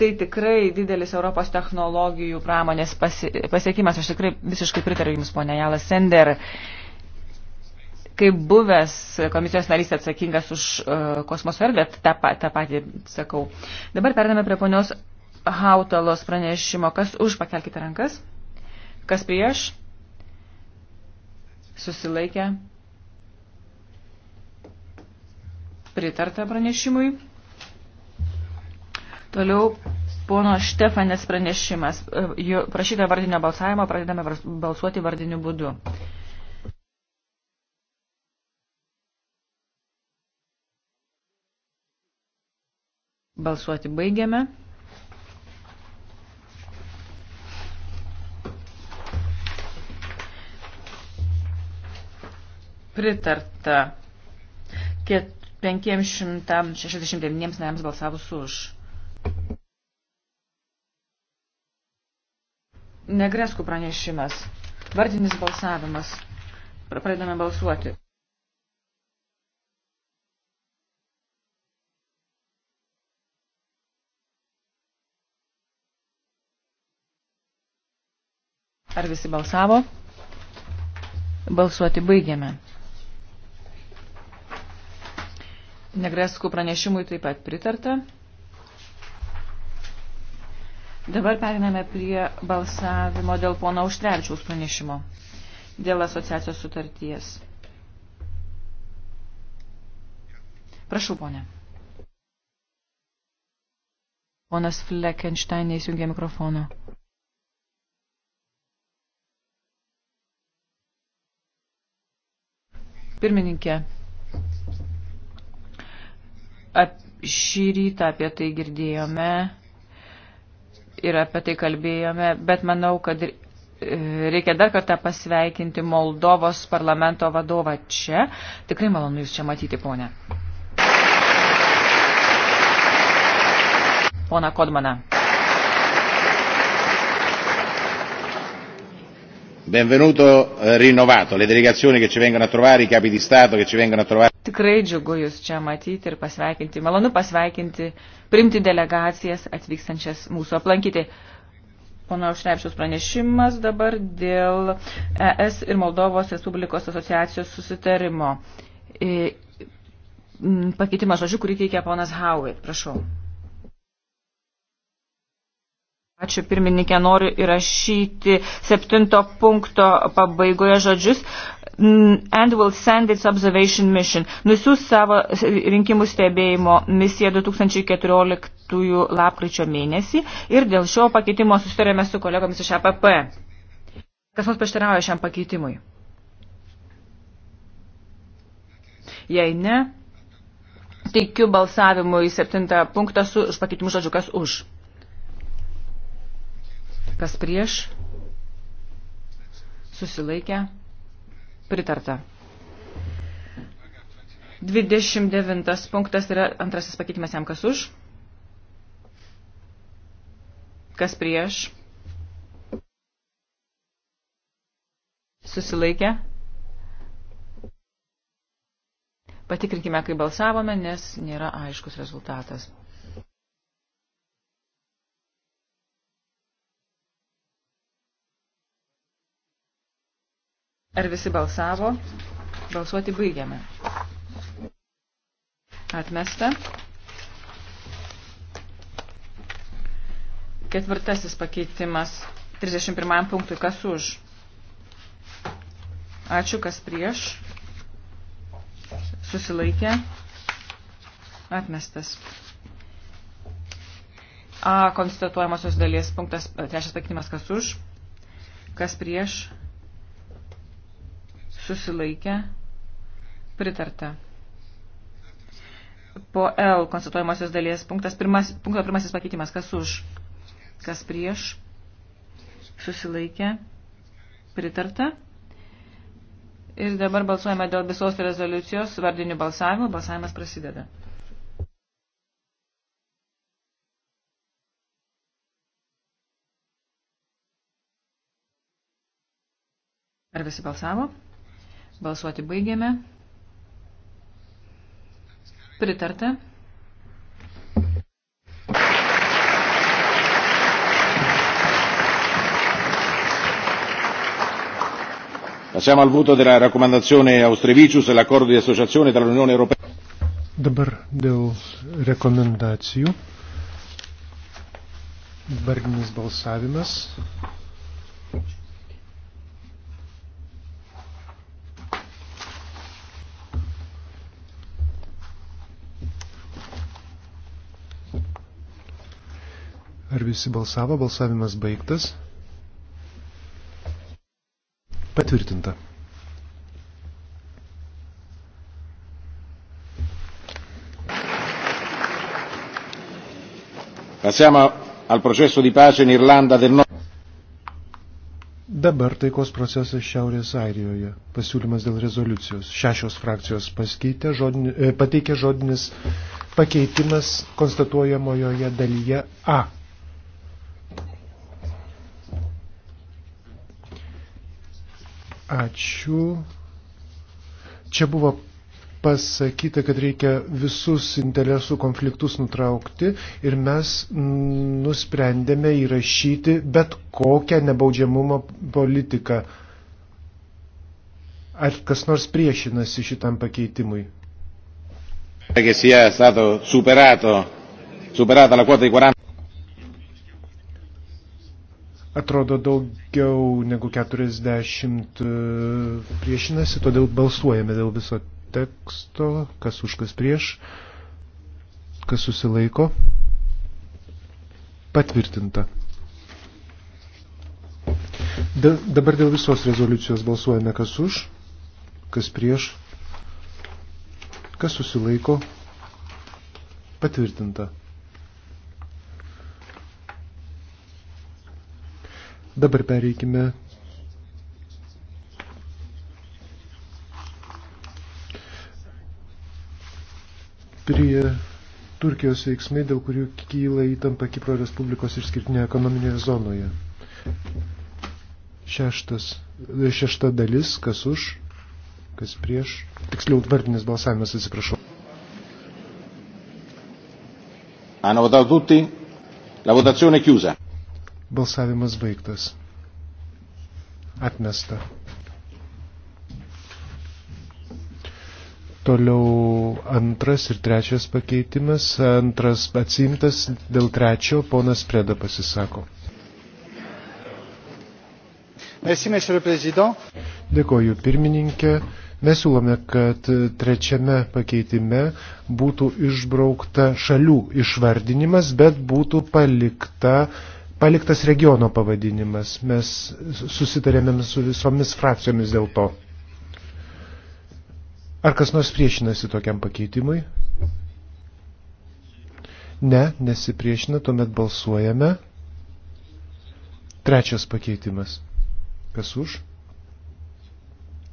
tai tikrai didelis Europos technologijų pramonės pasiekimas. Aš tikrai visiškai pritariu Jums, ponia Jalas Sender. Kaip buvęs komisijos narys atsakingas už uh, kosmoso erdvę, tą, tą patį sakau. Dabar perdame prie ponios Hautalos pranešimo. Kas už, pakelkite rankas. Kas prieš? Susilaikę. Pritarta pranešimui. Toliau pono Štefanės pranešimas. E, prašyta vardinio balsavimo, pradedame balsuoti vardiniu būdu. Balsuoti baigiame. Pritarta 569 nariams balsavus už. Negreskų pranešimas. Vardinis balsavimas. Pradedame balsuoti. Ar visi balsavo? Balsuoti baigiame. Negreskų pranešimui taip pat pritarta. Dabar periname prie balsavimo dėl pono Užtrevičiaus pranešimo dėl asociacijos sutarties. Prašau, ponė. Ponas Fleckenstein neįsijungė mikrofoną. Pirmininkė, ap, šį rytą apie tai girdėjome ir apie tai kalbėjome, bet manau, kad e, reikia dar kartą pasveikinti Moldovos parlamento vadovą čia. Tikrai malonu Jūs čia matyti, ponė. Pona Kodmana. Benvenuto eh, rinnovato, le delegazioni che ci vengono a trovare, i capi di Stato che ci vengono a trovare. Tikrai džiugu Jūs čia matyti ir pasveikinti. Malonu pasveikinti, primti delegacijas atvykstančias mūsų aplankyti. Pono Šrepšiaus pranešimas dabar dėl ES ir Moldovos Respublikos asociacijos susitarimo. E, pakeitimas žodžių, kurį teikia ponas Howitt. Prašau. Ačiū pirmininkė, noriu įrašyti septinto punkto pabaigoje žodžius and will send its observation mission. Nusiūs savo rinkimų stebėjimo misiją 2014 lapkričio mėnesį ir dėl šio pakeitimo susitarėme su kolegomis iš APP. Kas mums paštarauja šiam pakeitimui? Jei ne, teikiu balsavimu į septintą punktą su pakeitimu žodžiu, kas už. Kas prieš? Susilaikę? Pritarta. 29 punktas yra antrasis pakeitimas jam kas už. Kas prieš. Susilaikė. Patikrinkime, kai balsavome, nes nėra aiškus rezultatas. Ar visi balsavo? Balsuoti baigiame. Atmesta. Ketvirtasis pakeitimas 31 punktui. Kas už? Ačiū, kas prieš. Susilaikė. Atmestas. A konstatuojamosios dalies punktas, trečias pakeitimas, kas už, kas prieš, susilaikė, pritarta. Po L konstatuojamosios dalies punktas, pirmas, punkto pirmasis pakeitimas, kas už, kas prieš, susilaikė, pritarta. Ir dabar balsuojame dėl visos rezoliucijos vardinių balsavimų. Balsavimas prasideda. Ar visi balsavo? Balsuoti baigėme. Pritarta. Passiamo al voto della raccomandazione Austrevicius e l'accordo di associazione tra l'Unione Europea. Dabar dėl rekomendacijų. Vardinis balsavimas. visi balsavo, balsavimas baigtas. Patvirtinta. Passiamo al processo di pace in Irlanda del Nord. Dabar taikos procesas Šiaurės Airijoje. Pasiūlymas dėl rezoliucijos. Šešios frakcijos paskeitė, žodini, e, pateikė žodinis pakeitimas konstatuojamojoje dalyje A. Ačiū. Čia buvo pasakyta, kad reikia visus interesų konfliktus nutraukti ir mes nusprendėme įrašyti bet kokią nebaudžiamumo politiką. Ar kas nors priešinasi šitam pakeitimui? Che sia stato superato, superata la quota di 40 atrodo daugiau negu 40 e, priešinasi, todėl balsuojame dėl viso teksto, kas už kas prieš, kas susilaiko. Patvirtinta. Da, dabar dėl visos rezoliucijos balsuojame kas už, kas prieš, kas susilaiko. Patvirtinta. Dabar pereikime prie Turkijos veiksmai, dėl kurių kyla įtampa Kipro Respublikos išskirtinėje ekonominėje zonoje. Šeštas, šešta dalis, kas už, kas prieš, tiksliau vardinis balsavimas, atsiprašau. Hanno votato tutti? La votazione è chiusa. Balsavimas baigtas. Atmesta. Toliau antras ir trečias pakeitimas. Antras atsimtas dėl trečio ponas Preda pasisako. Merci, monsieur le président. Dėkoju pirmininkė. Mes siūlome, kad trečiame pakeitime būtų išbraukta šalių išvardinimas, bet būtų palikta paliktas regiono pavadinimas. Mes susitarėme su visomis frakcijomis dėl to. Ar kas nors priešinasi tokiam pakeitimui? Ne, nesipriešina, tuomet balsuojame. Trečias pakeitimas. Kas už?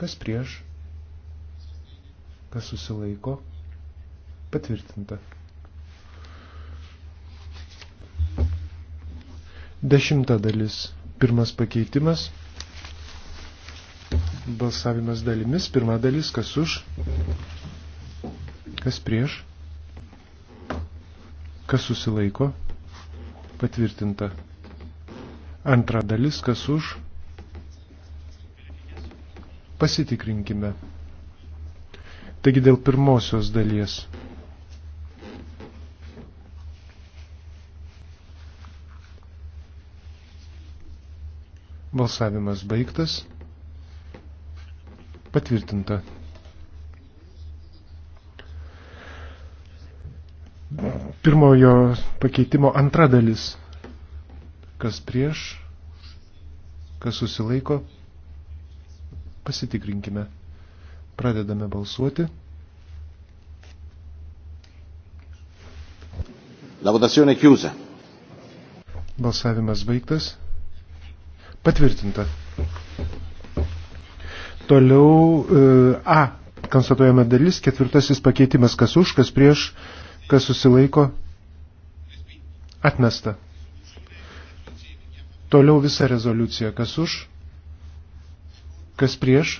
Kas prieš? Kas susilaiko? Patvirtinta. Dešimta dalis. Pirmas pakeitimas. Balsavimas dalimis. Pirma dalis, kas už, kas prieš, kas susilaiko. Patvirtinta. Antra dalis, kas už. Pasitikrinkime. Taigi dėl pirmosios dalies. Balsavimas baigtas. Patvirtinta. Pirmojo pakeitimo antra dalis. Kas prieš, kas susilaiko, pasitikrinkime. Pradedame balsuoti. La votazione è chiusa. Balsavimas baigtas. Patvirtinta. Toliau e, A. Konstatuojama dalis, ketvirtasis pakeitimas, kas už, kas prieš, kas susilaiko, atmesta. Toliau visa rezoliucija, kas už, kas prieš,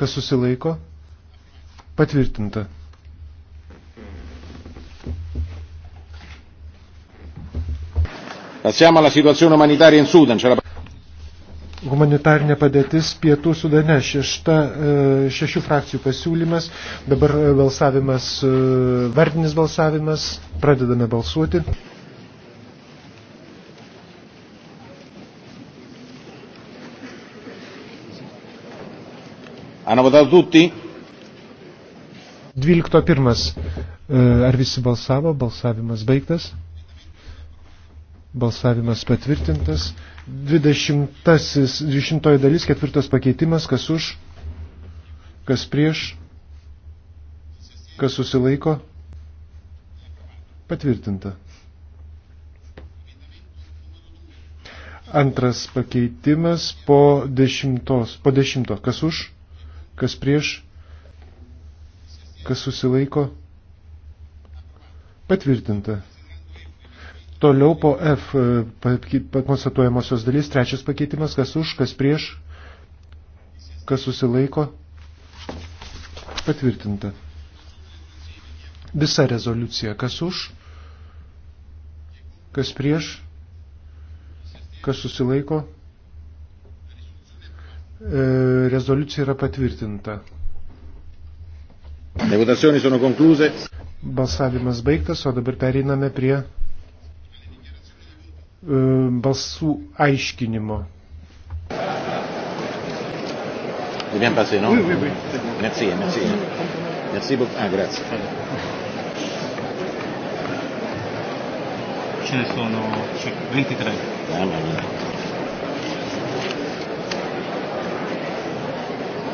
kas susilaiko, patvirtinta. Passiamo alla situazione umanitaria in Sudan. La... Humanitarinė padėtis Pietų Sudane. Šešta, e, šešių frakcijų pasiūlymas. Dabar e, balsavimas, e, vardinis balsavimas. Pradedame balsuoti. Hanno votato tutti? 12.1. Ar visi balsavo? Balsavimas baigtas. Balsavimas patvirtintas. 20, 20 dalis, ketvirtas pakeitimas, kas už, kas prieš, kas susilaiko. Patvirtinta. Antras pakeitimas po dešimtos, po dešimto, kas už, kas prieš, kas susilaiko. Patvirtinta. Toliau po F e, konstatuojamosios dalys, trečias pakeitimas, kas už, kas prieš, kas susilaiko, patvirtinta. Visa rezoliucija, kas už, kas prieš, kas susilaiko, e, rezoliucija yra patvirtinta. Balsavimas baigtas, o dabar pereiname prie E, balsų aiškinimo. C'est bien passé, non oui, oui, oui. Merci, merci. Merci beaucoup. Ah, grazie. Ce ne sono 23. Ah,